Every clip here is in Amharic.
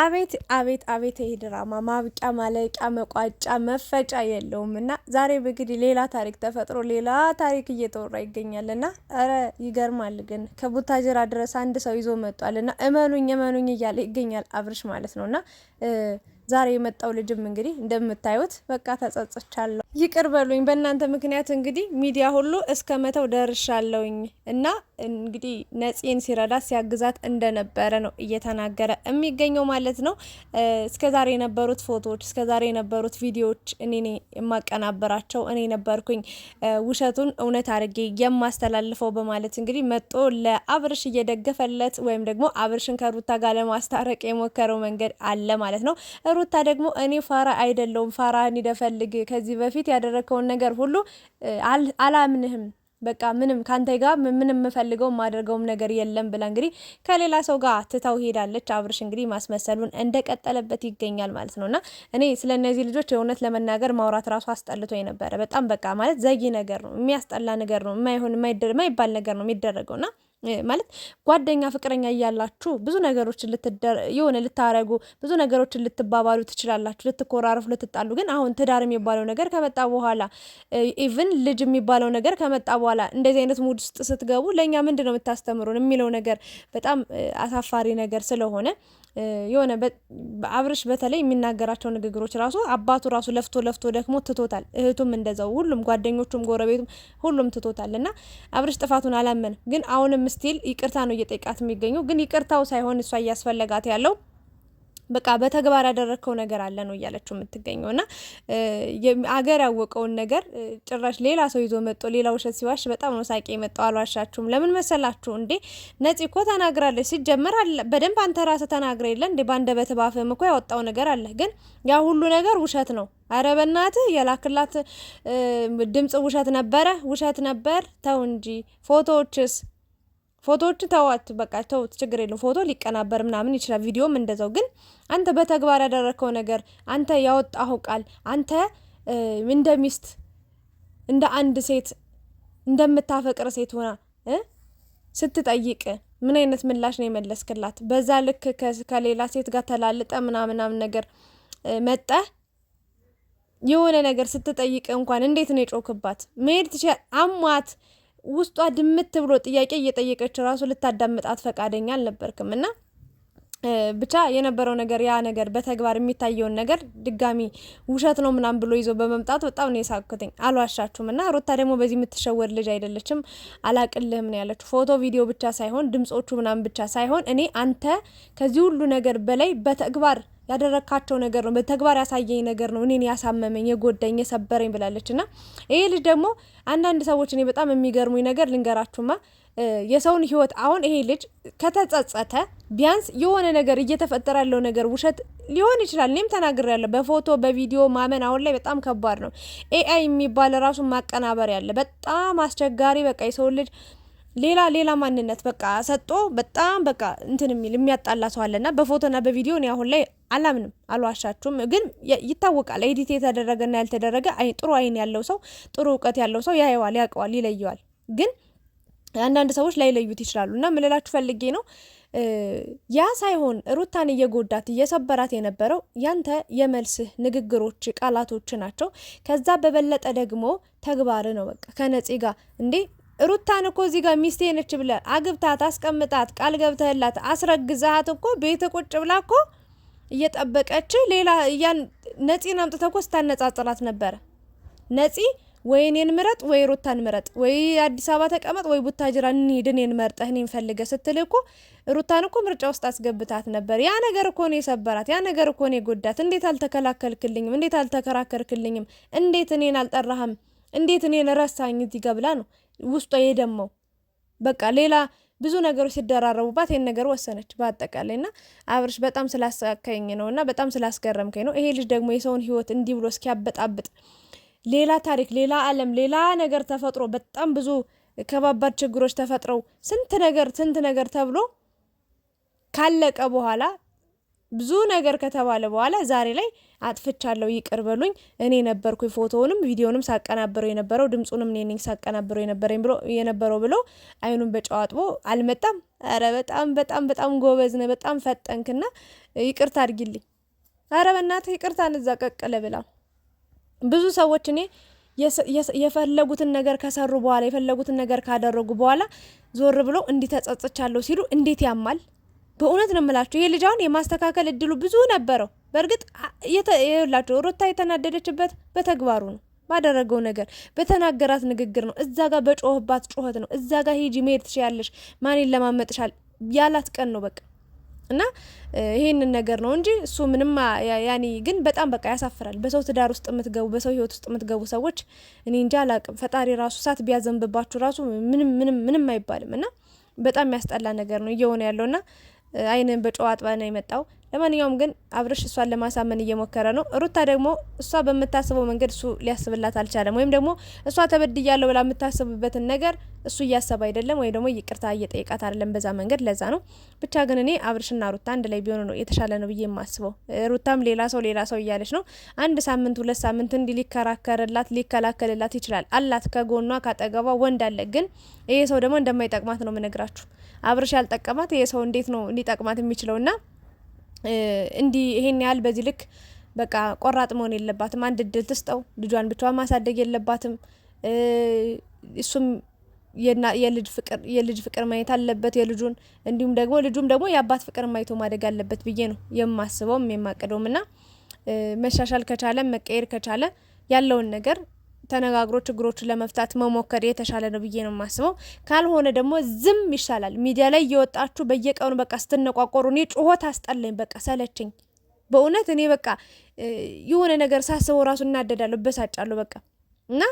አቤት አቤት አቤት ይሄ ድራማ ማብቂያ ማለቂያ መቋጫ መፈጫ የለውም እና ዛሬ እንግዲህ ሌላ ታሪክ ተፈጥሮ ሌላ ታሪክ እየተወራ ይገኛል እና ኧረ ይገርማል ግን ከቡታጅራ ድረስ አንድ ሰው ይዞ መጧል እና እመኑኝ እመኑኝ እያለ ይገኛል አብርሽ ማለት ነው እና ዛሬ የመጣው ልጅም እንግዲህ እንደምታዩት በቃ ተጸጽቻለሁ ይቅር በሉኝ። በእናንተ ምክንያት እንግዲህ ሚዲያ ሁሉ እስከ መተው ደርሻለውኝ እና እንግዲህ ነፂን ሲረዳት ሲያግዛት እንደነበረ ነው እየተናገረ የሚገኘው ማለት ነው። እስከዛሬ የነበሩት ፎቶዎች፣ እስከዛሬ የነበሩት ቪዲዮዎች እኔ የማቀናበራቸው እኔ ነበርኩኝ፣ ውሸቱን እውነት አድርጌ የማስተላልፈው በማለት እንግዲህ መጦ ለአብርሽ እየደገፈለት ወይም ደግሞ አብርሽን ከሩታ ጋር ለማስታረቅ የሞከረው መንገድ አለ ማለት ነው። ሩታ ደግሞ እኔ ፋራ አይደለውም ፋራ ፈልግ ከዚህ በፊት በፊት ያደረግከውን ነገር ሁሉ አላምንህም በቃ ምንም ካንተ ጋር ምንም የምፈልገው የማደርገውም ነገር የለም ብላ እንግዲህ ከሌላ ሰው ጋር ትታው ሄዳለች። አብርሽ እንግዲህ ማስመሰሉን እንደቀጠለበት ይገኛል ማለት ነውና እኔ ስለ እነዚህ ልጆች የእውነት ለመናገር ማውራት ራሱ አስጠልቶ የነበረ በጣም በቃ ማለት ዘጊ ነገር ነው፣ የሚያስጠላ ነገር ነው፣ የማይሆን የማይባል ነገር ነው የሚደረገውና ማለት ጓደኛ ፍቅረኛ እያላችሁ ብዙ ነገሮችን የሆነ ልታረጉ ብዙ ነገሮችን ልትባባሉ ትችላላችሁ፣ ልትኮራረፉ፣ ልትጣሉ። ግን አሁን ትዳር የሚባለው ነገር ከመጣ በኋላ ኢቭን ልጅ የሚባለው ነገር ከመጣ በኋላ እንደዚህ አይነት ሙድ ውስጥ ስትገቡ ለእኛ ምንድን ነው የምታስተምሩን የሚለው ነገር በጣም አሳፋሪ ነገር ስለሆነ የሆነ አብርሽ በተለይ የሚናገራቸው ንግግሮች ራሱ አባቱ ራሱ ለፍቶ ለፍቶ ደክሞ ትቶታል። እህቱም እንደዛው፣ ሁሉም ጓደኞቹም፣ ጎረቤቱም ሁሉም ትቶታል እና አብርሽ ጥፋቱን አላመንም። ግን አሁንም ስቲል ይቅርታ ነው እየጠይቃት የሚገኘው። ግን ይቅርታው ሳይሆን እሷ እያስፈለጋት ያለው በቃ በተግባር ያደረግከው ነገር አለ ነው እያለችው የምትገኘው እና አገር ያወቀውን ነገር ጭራሽ ሌላ ሰው ይዞ መጦ ሌላ ውሸት ሲዋሽ በጣም ነው ሳቄ የመጣው። አልዋሻችሁም። ለምን መሰላችሁ እንዴ ነፂ እኮ ተናግራለች። ሲጀመር በደንብ አንተ ራስህ ተናግረ የለ እንዴ በአንደ በተባፈም እኮ ያወጣው ነገር አለ። ግን ያ ሁሉ ነገር ውሸት ነው። አረ የላክላት ድምፅ ውሸት ነበረ፣ ውሸት ነበር። ተው እንጂ ፎቶዎችስ ፎቶዎች ተዋት፣ በቃ ተውት፣ ችግር የለው። ፎቶ ሊቀናበር ምናምን ይችላል፣ ቪዲዮም እንደዛው። ግን አንተ በተግባር ያደረግከው ነገር፣ አንተ ያወጣኸው ቃል፣ አንተ እንደ ሚስት እንደ አንድ ሴት እንደምታፈቅር ሴት ሆና ስትጠይቅ ምን አይነት ምላሽ ነው የመለስክላት? በዛ ልክ ከሌላ ሴት ጋር ተላልጠ ምናምናምን ነገር መጠ የሆነ ነገር ስትጠይቅ እንኳን እንዴት ነው የጮክባት? መሄድ ትችላል አሟት ውስጧ ድምት ብሎ ጥያቄ እየጠየቀች ራሱ ልታዳምጣት ፈቃደኛ አልነበርክም እና ብቻ የነበረው ነገር ያ ነገር በተግባር የሚታየውን ነገር ድጋሚ ውሸት ነው ምናምን ብሎ ይዞ በመምጣት በጣም ነው የሳቅኩትኝ። አልዋሻችሁም። እና ሩታ ደግሞ በዚህ የምትሸወድ ልጅ አይደለችም። አላቅልህም ነው ያለችው። ፎቶ ቪዲዮ ብቻ ሳይሆን ድምጾቹ ምናምን ብቻ ሳይሆን እኔ አንተ ከዚህ ሁሉ ነገር በላይ በተግባር ያደረካቸው ነገር ነው፣ በተግባር ያሳየኝ ነገር ነው፣ እኔን ያሳመመኝ፣ የጎዳኝ፣ የሰበረኝ ብላለች። እና ይሄ ልጅ ደግሞ አንዳንድ ሰዎች እኔ በጣም የሚገርሙኝ ነገር ልንገራችሁማ የሰውን ህይወት አሁን ይሄ ልጅ ከተጸጸተ ቢያንስ የሆነ ነገር እየተፈጠረ ያለው ነገር ውሸት ሊሆን ይችላል። እኔም ተናግሬ ያለ በፎቶ በቪዲዮ ማመን አሁን ላይ በጣም ከባድ ነው። ኤአይ የሚባል ራሱን ማቀናበር ያለ በጣም አስቸጋሪ በቃ የሰው ልጅ ሌላ ሌላ ማንነት በቃ ሰጦ በጣም በቃ እንትን የሚል የሚያጣላ ሰው አለና በፎቶና በቪዲዮ እኔ አሁን ላይ አላምንም አልዋሻችሁም። ግን ይታወቃል፣ ኤዲት የተደረገና ያልተደረገ ጥሩ አይን ያለው ሰው ጥሩ እውቀት ያለው ሰው ያየዋል፣ ያውቀዋል፣ ይለየዋል። ግን አንዳንድ ሰዎች ላይለዩት ይችላሉ። እና ምልላችሁ ፈልጌ ነው ያ ሳይሆን ሩታን እየጎዳት እየሰበራት የነበረው ያንተ የመልስህ ንግግሮች፣ ቃላቶች ናቸው። ከዛ በበለጠ ደግሞ ተግባር ነው። በቃ ከነጽ ጋር እንዴ ሩታን እኮ እዚህ ጋር ሚስቴ ነች ብለህ አግብታት፣ አስቀምጣት፣ ቃል ገብተህላት አስረግዛሃት እኮ ቤት ቁጭ ብላ እኮ እየጠበቀች ሌላ እያን ነፂን አምጥተ እኮ ስታነጻጽራት ነበረ። ነፂ ወይ እኔን ምረጥ ወይ ሩታን ምረጥ ወይ አዲስ አበባ ተቀመጥ ወይ ቡታጅራ እንሂድ እኔን መርጠህ እኔን ፈልገህ ስትል እኮ ሩታን እኮ ምርጫ ውስጥ አስገብታት ነበር። ያ ነገር እኮ ነው የሰበራት፣ ያ ነገር እኮ ነው የጎዳት። እንዴት አልተከላከልክልኝም? እንዴት አልተከራከርክልኝም? እንዴት እኔን አልጠራህም? እንዴት እኔን ረሳኝ? እዚህ ገብላ ነው ውስጧ የደመው። በቃ ሌላ ብዙ ነገሮች ሲደራረቡባት ይህን ነገር ወሰነች። በአጠቃላይ ና አብርሽ በጣም ስላሳካኝ ነው እና በጣም ስላስገረምከኝ ነው። ይሄ ልጅ ደግሞ የሰውን ህይወት እንዲህ ብሎ እስኪያበጣብጥ ሌላ ታሪክ፣ ሌላ ዓለም፣ ሌላ ነገር ተፈጥሮ በጣም ብዙ ከባባድ ችግሮች ተፈጥረው ስንት ነገር ስንት ነገር ተብሎ ካለቀ በኋላ ብዙ ነገር ከተባለ በኋላ ዛሬ ላይ አጥፍቻለሁ፣ ይቅር በሉኝ፣ እኔ ነበርኩ ፎቶውንም ቪዲዮንም ሳቀናበረው የነበረው ድምፁንም እኔ ነኝ ሳቀናብረው የነበረኝ ብሎ የነበረው ብሎ አይኑን በጨው አጥቦ አልመጣም። አረ በጣም በጣም በጣም ጎበዝ ነህ፣ በጣም ፈጠንክና ይቅርታ አድርጊልኝ፣ አረ በእናትህ ይቅርታ እንዛ ቀቅለ ብላ ብዙ ሰዎች እኔ የፈለጉትን ነገር ከሰሩ በኋላ የፈለጉትን ነገር ካደረጉ በኋላ ዞር ብሎ እንዲህ ተጸጽቻለሁ ሲሉ እንዴት ያማል። በእውነት ነው የምላችሁ ይሄ ልጅ አሁን የማስተካከል እድሉ ብዙ ነበረው። በእርግጥ የላቸው ሩታ የተናደደችበት በተግባሩ ነው ባደረገው ነገር በተናገራት ንግግር ነው። እዛ ጋር በጮህባት ጩኸት ነው። እዛ ጋር ሂጂ መሄድ ትችያለሽ፣ ማን ይለማመጥሻል ያላት ቀን ነው በቃ እና ይህንን ነገር ነው እንጂ እሱ ምንም ያኔ ግን በጣም በቃ ያሳፍራል። በሰው ትዳር ውስጥ የምትገቡ በሰው ህይወት ውስጥ የምትገቡ ሰዎች እኔ እንጂ አላቅም። ፈጣሪ ራሱ እሳት ቢያዘንብባችሁ ራሱ ምንም ምንም ምንም አይባልም እና በጣም ያስጠላ ነገር ነው እየሆነ ያለውና አይንን በጨዋ ጥባ ነው የመጣው። ለማንኛውም ግን አብርሽ እሷን ለማሳመን እየሞከረ ነው። ሩታ ደግሞ እሷ በምታስበው መንገድ እሱ ሊያስብላት አልቻለም። ወይም ደግሞ እሷ ተበድያለሁ ብላ የምታስብበትን ነገር እሱ እያሰብ አይደለም፣ ወይም ደግሞ ይቅርታ እየጠየቃት አይደለም በዛ መንገድ። ለዛ ነው ብቻ ግን እኔ አብርሽና ሩታ አንድ ላይ ቢሆኑ ነው የተሻለ ነው ብዬ የማስበው። ሩታም ሌላ ሰው ሌላ ሰው እያለች ነው። አንድ ሳምንት ሁለት ሳምንት እንዲ ሊከራከርላት ሊከላከልላት ይችላል። አላት ከጎኗ ካጠገቧ ወንድ አለ። ግን ይሄ ሰው ደግሞ እንደማይጠቅማት ነው ምነግራችሁ አብርሽ ያልጠቀማት ይሄ ሰው እንዴት ነው እንዲጠቅማት የሚችለው? ና እንዲህ ይሄን ያህል በዚህ ልክ በቃ ቆራጥ መሆን የለባትም። አንድ እድል ትስጠው። ልጇን ብቻ ማሳደግ የለባትም። እሱም የልጅ ፍቅር ማየት አለበት የልጁን እንዲሁም ደግሞ ልጁም ደግሞ የአባት ፍቅር ማይቶ ማደግ አለበት ብዬ ነው የማስበውም የማቅደውም ና መሻሻል ከቻለ መቀየር ከቻለ ያለውን ነገር ተነጋግሮ ችግሮችን ለመፍታት መሞከር የተሻለ ነው ብዬ ነው የማስበው። ካልሆነ ደግሞ ዝም ይሻላል። ሚዲያ ላይ እየወጣችሁ በየቀኑ በቃ ስትነቋቆሩ፣ እኔ ጩኸት አስጠላኝ፣ በቃ ሰለችኝ በእውነት እኔ በቃ የሆነ ነገር ሳስበው ራሱ እናደዳለሁ፣ በሳጫለሁ በቃ እና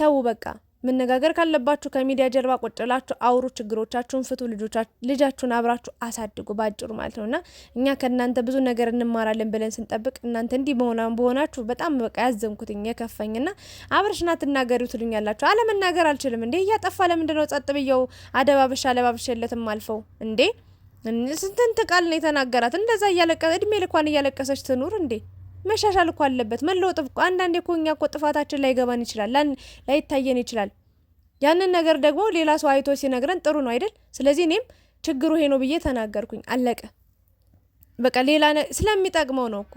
ተው በቃ መነጋገር ካለባችሁ ከሚዲያ ጀርባ ቁጭ አውሩ፣ ችግሮቻችሁን ፍቱ፣ ልጃችሁን አብራችሁ አሳድጉ ባጭሩ ማለት ነው። እና እኛ ከእናንተ ብዙ ነገር እንማራለን ብለን ስንጠብቅ እናንተ እንዲህ በሆናችሁ በጣም በቃ ያዘንኩትኝ የከፋኝ ና አብረሽና ትናገሪ ትሉኛላችሁ። አለመናገር አልችልም እንዴ? እያጠፋ ለምንድነው ጸጥ ብየው አደባብሻ አለባብሻ የለትም አልፈው እንዴ? ስንትን ቃል ነው የተናገራት እንደዛ እያለቀ እድሜ ልኳን እያለቀሰች ትኑር እንዴ? መሻሻል እኮ አለበት መለወጥ እኮ አንዳንዴ እኮ እኛ እኮ ጥፋታችን ላይገባን ይችላል፣ ላይታየን ይችላል። ያንን ነገር ደግሞ ሌላ ሰው አይቶ ሲነግረን ጥሩ ነው አይደል? ስለዚህ እኔም ችግሩ ይሄ ነው ብዬ ተናገርኩኝ። አለቀ በቃ። ሌላ ስለሚጠቅመው ነው እኮ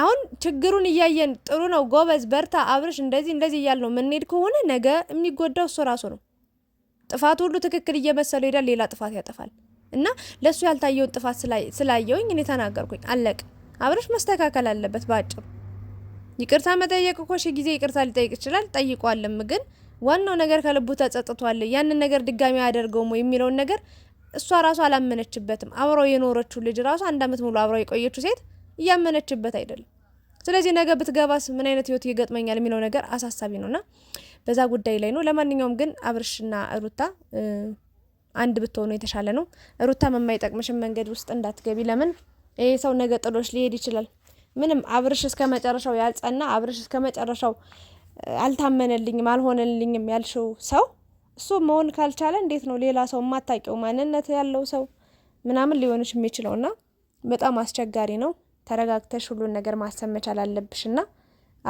አሁን ችግሩን እያየን ጥሩ ነው ጎበዝ፣ በርታ፣ አብርሽ እንደዚህ እንደዚህ እያል ነው የምንሄድ ከሆነ ነገ የሚጎዳው እሱ ራሱ ነው። ጥፋቱ ሁሉ ትክክል እየመሰለው ይሄዳል፣ ሌላ ጥፋት ያጠፋል። እና ለእሱ ያልታየውን ጥፋት ስላየውኝ እኔ ተናገርኩኝ። አለቀ። አብርሽ መስተካከል አለበት። በአጭሩ ይቅርታ መጠየቅ እኮ ሺ ጊዜ ይቅርታ ሊጠይቅ ይችላል፣ ጠይቋልም። ግን ዋናው ነገር ከልቡ ተጸጥቷል። ያንን ነገር ድጋሚ አያደርገውም የሚለውን ነገር እሷ ራሱ አላመነችበትም። አብረው የኖረችው ልጅ ራሱ አንድ አመት ሙሉ አብረው የቆየችው ሴት እያመነችበት አይደለም። ስለዚህ ነገ ብትገባስ ምን አይነት ህይወት ይገጥመኛል የሚለው ነገር አሳሳቢ ነውና በዛ ጉዳይ ላይ ነው። ለማንኛውም ግን አብርሽና ሩታ አንድ ብትሆኑ የተሻለ ነው። ሩታም የማይጠቅምሽን መንገድ ውስጥ እንዳትገቢ ለምን ይሄ ሰው ነገ ጥሎች ሊሄድ ይችላል። ምንም አብርሽ እስከ መጨረሻው ያልጸና አብርሽ እስከ መጨረሻው አልታመነልኝም አልሆነልኝም ያልሽው ሰው እሱ መሆን ካልቻለ እንዴት ነው ሌላ ሰው የማታውቂው ማንነት ያለው ሰው ምናምን ሊሆንሽ የሚችለው? እና በጣም አስቸጋሪ ነው። ተረጋግተሽ ሁሉን ነገር ማሰብ መቻል አለብሽ። እና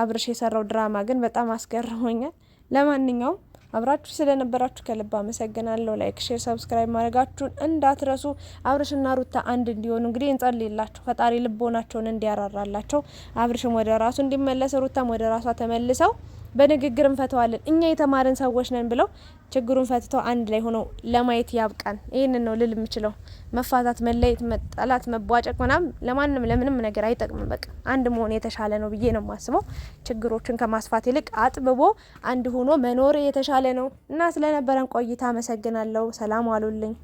አብርሽ የሰራው ድራማ ግን በጣም አስገርሞኛል። ለማንኛውም አብራችሁ ስለነበራችሁ ከልብ አመሰግናለሁ። ላይክ፣ ሼር፣ ሰብስክራይብ ማድረጋችሁን እንዳትረሱ። አብርሽና ሩታ አንድ እንዲሆኑ እንግዲህ እንጸልይላችሁ። ፈጣሪ ልቦናቸውን እንዲያራራላቸው፣ አብርሽም ወደ ራሱ እንዲመለስ፣ ሩታም ወደ ራሷ ተመልሰው በንግግር እንፈተዋለን እኛ የተማርን ሰዎች ነን ብለው ችግሩን ፈትተው አንድ ላይ ሆኖ ለማየት ያብቃን። ይህንን ነው ልል የምችለው። መፋታት፣ መለየት፣ መጠላት መቧጨቅ ምናምን ለማንም ለምንም ነገር አይጠቅምም። በቃ አንድ መሆን የተሻለ ነው ብዬ ነው የማስበው። ችግሮችን ከማስፋት ይልቅ አጥብቦ አንድ ሆኖ መኖር የተሻለ ነው እና ስለነበረን ቆይታ አመሰግናለሁ። ሰላም አሉልኝ።